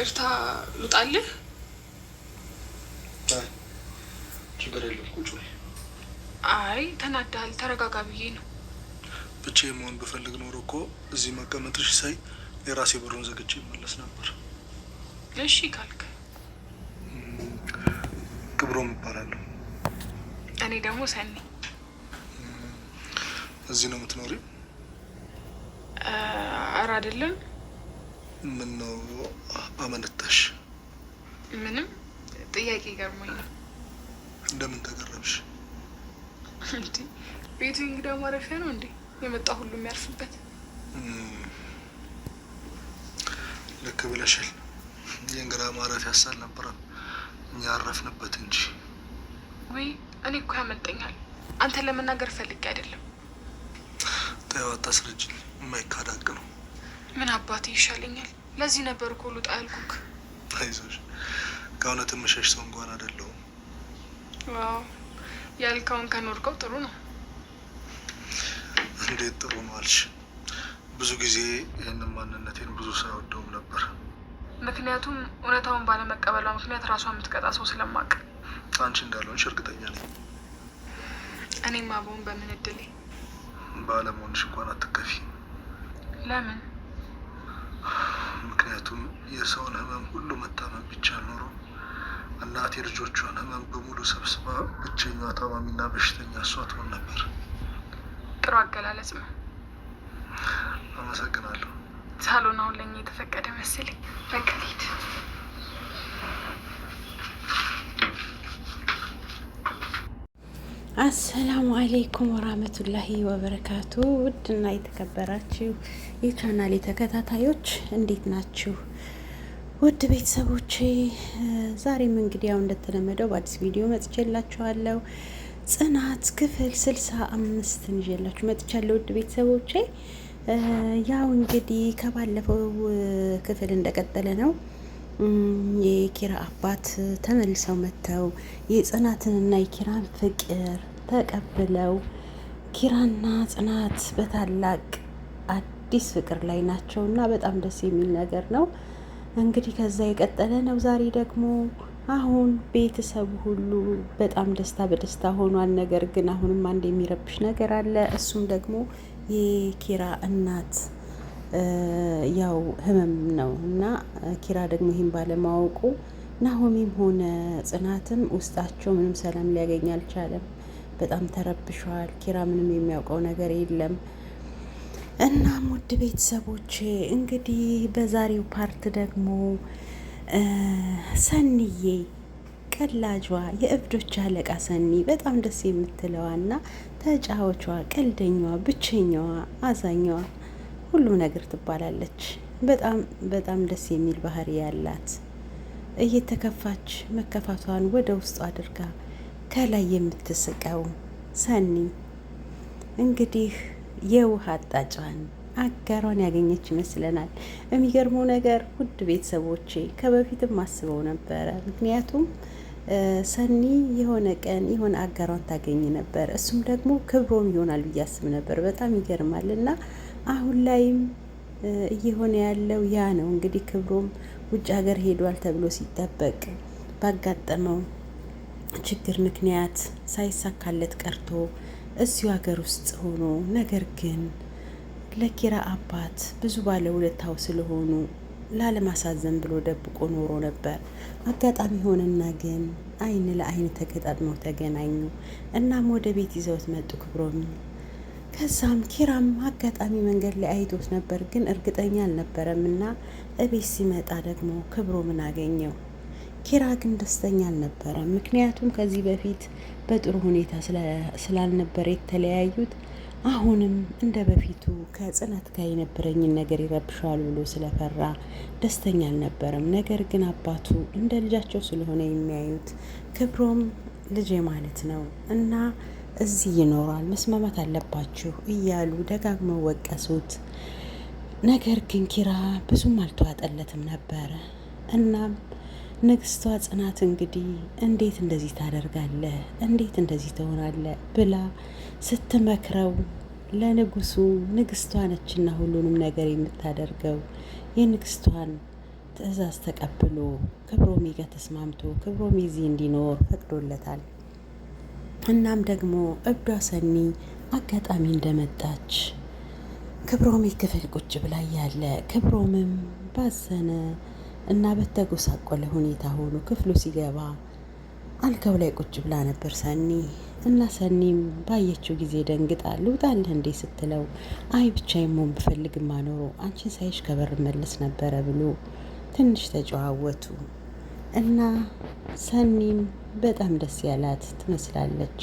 ይቅርታ ልውጣልህ? ችግር የለም ቁጭ በይ። አይ ተናዳል፣ ተረጋጋ ብዬ ነው። ብቻዬን መሆን ብፈልግ ኖሮ እኮ እዚህ መቀመጥሽ ሳይ የራሴ በሩን ዘግቼ ይመለስ ነበር። እሺ ካልክ። ክብሮም እባላለሁ። እኔ ደግሞ ሰኒ። እዚህ ነው የምትኖሪው? ኧረ አይደለም ምን ነው አመነታሽ? ምንም ጥያቄ ገርሞኝ ነው። እንደምን ተገረምሽ? እንዲ ቤቱ እንግዳ ማረፊያ ነው እንዴ? የመጣ ሁሉ የሚያርፍበት ልክ ብለሽል። የእንግዳ ማረፊያ ሳል እኛ አረፍንበት እንጂ። ወይ እኔ እኮ ያመጠኛል። አንተ ለመናገር ፈልጌ አይደለም። ተይው አታስረጅኝ። የማይካድ ነው። ምን አባቴ ይሻለኛል። ለዚህ ነበር እኮ ልውጣ ያልኩክ። አይዞሽ ከእውነት መሸሽ ሰው እንኳን አይደለሁም። ዋው ያልከውን ከኖርከው ጥሩ ነው። እንዴት ጥሩ ነው አልሽ? ብዙ ጊዜ ይህንን ማንነቴን ብዙ ስራ ወደውም ነበር። ምክንያቱም እውነታውን ባለመቀበሏ ምክንያት ራሷን የምትቀጣ ሰው ስለማቅ አንቺ እንዳልሆንሽ እርግጠኛ ነኝ። እኔም አበውን በምን እድሌ ባለመሆንሽ እንኳን አትከፊ። ለምን ምክንያቱም የሰውን ህመም ሁሉ መታመም ቢቻል ኖሮ እናት የልጆቿን ህመም በሙሉ ሰብስባ ብቸኛዋ ታማሚና በሽተኛ እሷ ትሆን ነበር። ጥሩ አገላለጽ ነው። አመሰግናለሁ። ሳሎን አሁን ለኛ የተፈቀደ መሰለኝ። በቃ ልሂድ። አሰላሙ አሌይኩም ወራህመቱላሂ ወበረካቱ። ውድና የተከበራችሁ የቻናሌ ተከታታዮች እንዴት ናችሁ? ውድ ቤተሰቦቼ ዛሬም እንግዲህ ያው እንደተለመደው በአዲስ ቪዲዮ መጥቼላችኋለሁ። ጽናት ክፍል ስልሳ አምስትን ይዤላችሁ መጥቻለሁ። ውድ ቤተሰቦቼ ያው እንግዲህ ከባለፈው ክፍል እንደቀጠለ ነው። የኪራ አባት ተመልሰው መጥተው የጽናትንና የኪራን ፍቅር ተቀብለው ኪራና ጽናት በታላቅ አዲስ ፍቅር ላይ ናቸው እና በጣም ደስ የሚል ነገር ነው። እንግዲህ ከዛ የቀጠለ ነው። ዛሬ ደግሞ አሁን ቤተሰቡ ሁሉ በጣም ደስታ በደስታ ሆኗል። ነገር ግን አሁንም አንድ የሚረብሽ ነገር አለ። እሱም ደግሞ የኪራ እናት ያው ህመም ነው እና ኪራ ደግሞ ይህን ባለማወቁ ናሆሚም ሆነ ጽናትም ውስጣቸው ምንም ሰላም ሊያገኝ አልቻለም። በጣም ተረብሸዋል። ኪራ ምንም የሚያውቀው ነገር የለም። እናም ውድ ቤተሰቦች እንግዲህ በዛሬው ፓርት ደግሞ ሰንዬ ቀላጇ የእብዶች አለቃ ሰኒ በጣም ደስ የምትለዋ ና ተጫዋቿ፣ ቀልደኛዋ፣ ብቸኛዋ፣ አዛኛዋ ሁሉም ነገር ትባላለች። በጣም በጣም ደስ የሚል ባህሪ ያላት እየተከፋች መከፋቷን ወደ ውስጡ አድርጋ ከላይ የምትስቀው ሰኒ እንግዲህ የውሃ አጣጫን አጋሯን ያገኘች ይመስለናል። የሚገርመው ነገር ውድ ቤተሰቦቼ ከበፊትም አስበው ነበረ። ምክንያቱም ሰኒ የሆነ ቀን የሆነ አጋሯን ታገኝ ነበር፣ እሱም ደግሞ ክብሮም ይሆናል ብዬ አስብ ነበር። በጣም ይገርማል እና አሁን ላይም እየሆነ ያለው ያ ነው። እንግዲህ ክብሮም ውጭ ሀገር ሄዷል ተብሎ ሲጠበቅ ባጋጠመው ችግር ምክንያት ሳይሳካለት ቀርቶ እዚሁ ሀገር ውስጥ ሆኖ ነገር ግን ለኪራ አባት ብዙ ባለ ውለታው ስለሆኑ ላለማሳዘን ብሎ ደብቆ ኖሮ ነበር። አጋጣሚ ሆነና ግን አይን ለአይን ተገጣጥመው ተገናኙ። እናም ወደ ቤት ይዘውት መጡ ክብሮም። ከዛም ኪራም አጋጣሚ መንገድ ላይ አይቶት ነበር፣ ግን እርግጠኛ አልነበረም እና እቤት ሲመጣ ደግሞ ክብሮምን አገኘው። ኪራ ግን ደስተኛ አልነበረም። ምክንያቱም ከዚህ በፊት በጥሩ ሁኔታ ስላልነበረ የተለያዩት አሁንም እንደ በፊቱ ከጽናት ጋር የነበረኝን ነገር ይረብሻል ብሎ ስለፈራ ደስተኛ አልነበረም። ነገር ግን አባቱ እንደ ልጃቸው ስለሆነ የሚያዩት ክብሮም ልጄ ማለት ነው እና እዚህ ይኖራል መስማማት አለባችሁ እያሉ ደጋግመው ወቀሱት። ነገር ግን ኪራ ብዙም አልተዋጠለትም ነበረ እናም ንግስቷ ጽናት እንግዲህ እንዴት እንደዚህ ታደርጋለህ? እንዴት እንደዚህ ትሆናለህ? ብላ ስትመክረው ለንጉሱ ንግስቷ ነችና ሁሉንም ነገር የምታደርገው የንግስቷን ትዕዛዝ ተቀብሎ ክብሮሜ ጋር ተስማምቶ ክብሮሜ እዚህ እንዲኖር ፈቅዶለታል። እናም ደግሞ እብዷ ሰኒ አጋጣሚ እንደመጣች ክብሮሜ ክፍል ቁጭ ብላ ያለ ክብሮምም ባዘነ እና በተጎሳቆለ ሁኔታ ሆኖ ክፍሉ ሲገባ አልጋው ላይ ቁጭ ብላ ነበር ሰኒ እና ሰኒም ባየችው ጊዜ ደንግጣ ልውጣልህ እንዴ ስትለው አይ ብቻዬን መሆን ብፈልግ ኖሮ አንቺን ሳይሽ ከበር መለስ ነበረ ብሎ ትንሽ ተጨዋወቱ እና ሰኒም በጣም ደስ ያላት ትመስላለች።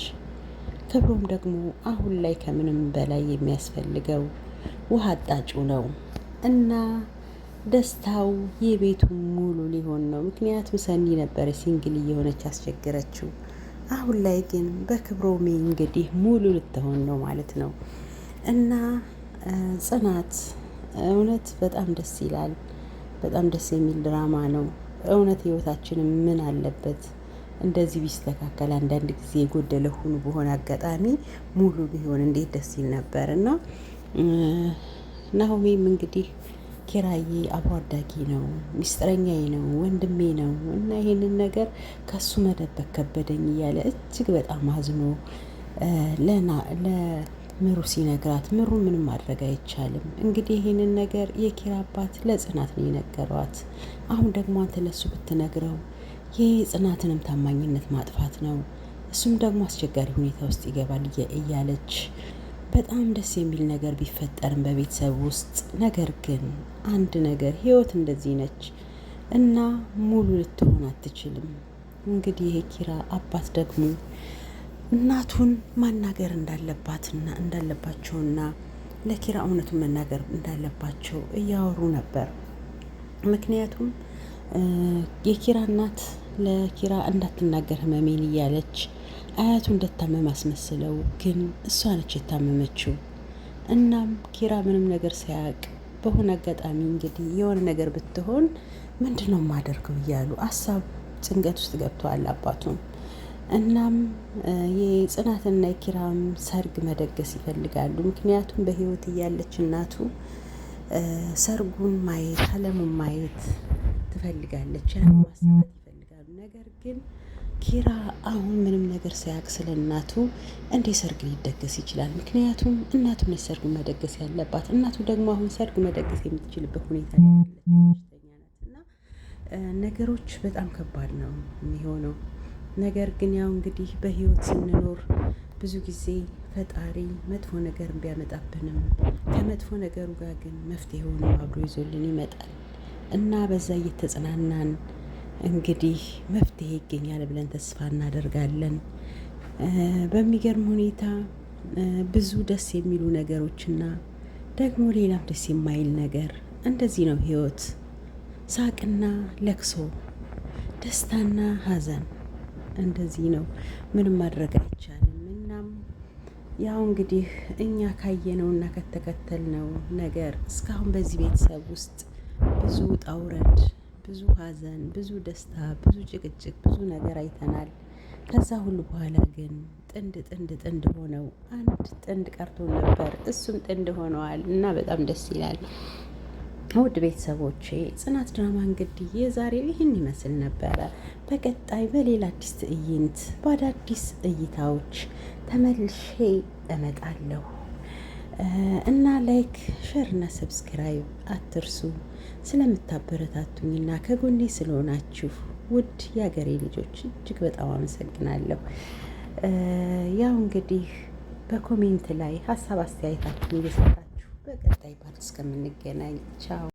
ክብሮም ደግሞ አሁን ላይ ከምንም በላይ የሚያስፈልገው ውሃ አጣጩ ነው እና ደስታው የቤቱ ሙሉ ሊሆን ነው። ምክንያቱም ሰኒ ነበረች ሲንግል እየሆነች አስቸገረችው አሁን ላይ ግን በክብሮሜ እንግዲህ ሙሉ ልትሆን ነው ማለት ነው። እና ጽናት እውነት በጣም ደስ ይላል። በጣም ደስ የሚል ድራማ ነው። እውነት ህይወታችን ምን አለበት እንደዚህ ቢስተካከል፣ አንዳንድ ጊዜ የጎደለ ሁኑ በሆነ አጋጣሚ ሙሉ ቢሆን እንዴት ደስ ይል ነበር እና ናሆሜም እንግዲህ ኪራዬ አብሮ አዳጊ ነው፣ ሚስጥረኛዬ ነው፣ ወንድሜ ነው እና ይሄንን ነገር ከሱ መደበቅ ከበደኝ እያለ እጅግ በጣም አዝኖ ለምሩ ሲነግራት ምሩ ምንም ማድረግ አይቻልም። እንግዲህ ይሄንን ነገር የኪራ አባት ለጽናት ነው የነገሯት። አሁን ደግሞ አንተ ለሱ ብትነግረው የጽናትንም ታማኝነት ማጥፋት ነው። እሱም ደግሞ አስቸጋሪ ሁኔታ ውስጥ ይገባል እያለች በጣም ደስ የሚል ነገር ቢፈጠርም በቤተሰብ ውስጥ ነገር ግን አንድ ነገር ህይወት እንደዚህ ነች እና ሙሉ ልትሆን አትችልም። እንግዲህ የኪራ አባት ደግሞ እናቱን ማናገር እንዳለባትና እንዳለባቸውና ለኪራ እውነቱን መናገር እንዳለባቸው እያወሩ ነበር። ምክንያቱም የኪራ እናት ለኪራ እንዳትናገር ህመሜን እያለች አያቱ እንደታመመ አስመስለው፣ ግን እሷ ነች የታመመችው። እናም ኪራ ምንም ነገር ሳያውቅ በሆነ አጋጣሚ እንግዲህ የሆነ ነገር ብትሆን ምንድን ነው የማደርገው እያሉ አሳብ ጭንቀት ውስጥ ገብተዋል አባቱም። እናም የጽናትና የኪራም ሰርግ መደገስ ይፈልጋሉ። ምክንያቱም በህይወት እያለች እናቱ ሰርጉን ማየት አለሙን ማየት ትፈልጋለች፣ ያን ማሳባት ይፈልጋሉ። ነገር ግን ኪራ አሁን ምንም ነገር ሳያቅ ስለ እናቱ እንዴ ሰርግ ሊደገስ ይችላል? ምክንያቱም እናቱ ነች ሰርግ መደገስ ያለባት። እናቱ ደግሞ አሁን ሰርግ መደገስ የምትችልበት ሁኔታ እና ነገሮች በጣም ከባድ ነው የሚሆነው። ነገር ግን ያው እንግዲህ በህይወት ስንኖር ብዙ ጊዜ ፈጣሪ መጥፎ ነገር ቢያመጣብንም ከመጥፎ ነገሩ ጋር ግን መፍትሄውን አብሮ ይዞልን ይመጣል እና በዛ እየተጽናናን እንግዲህ መፍትሄ ይገኛል ብለን ተስፋ እናደርጋለን። በሚገርም ሁኔታ ብዙ ደስ የሚሉ ነገሮችና ደግሞ ሌላም ደስ የማይል ነገር እንደዚህ ነው ህይወት። ሳቅና ለቅሶ፣ ደስታና ሀዘን እንደዚህ ነው። ምንም ማድረግ አይቻልም። እናም ያው እንግዲህ እኛ ካየነው እና ከተከተልነው ነገር እስካሁን በዚህ ቤተሰብ ውስጥ ብዙ ውጣ ውረድ ብዙ ሀዘን ብዙ ደስታ፣ ብዙ ጭቅጭቅ፣ ብዙ ነገር አይተናል። ከዛ ሁሉ በኋላ ግን ጥንድ ጥንድ ጥንድ ሆነው አንድ ጥንድ ቀርቶ ነበር። እሱም ጥንድ ሆነዋል እና በጣም ደስ ይላል። ውድ ቤተሰቦቼ ጽናት ድራማ እንግዲህ የዛሬው ይህን ይመስል ነበረ። በቀጣይ በሌላ አዲስ ትዕይንት በአዳዲስ እይታዎች ተመልሼ እመጣለሁ። እና ላይክ ሸር እና ሰብስክራይብ አትርሱ። ስለምታበረታቱኝና ከጎኔ ስለሆናችሁ ውድ የአገሬ ልጆች እጅግ በጣም አመሰግናለሁ። ያው እንግዲህ በኮሜንት ላይ ሀሳብ አስተያየታችሁን እየሰጣችሁ በቀጣይ ፓርት እስከምንገናኝ ቻው።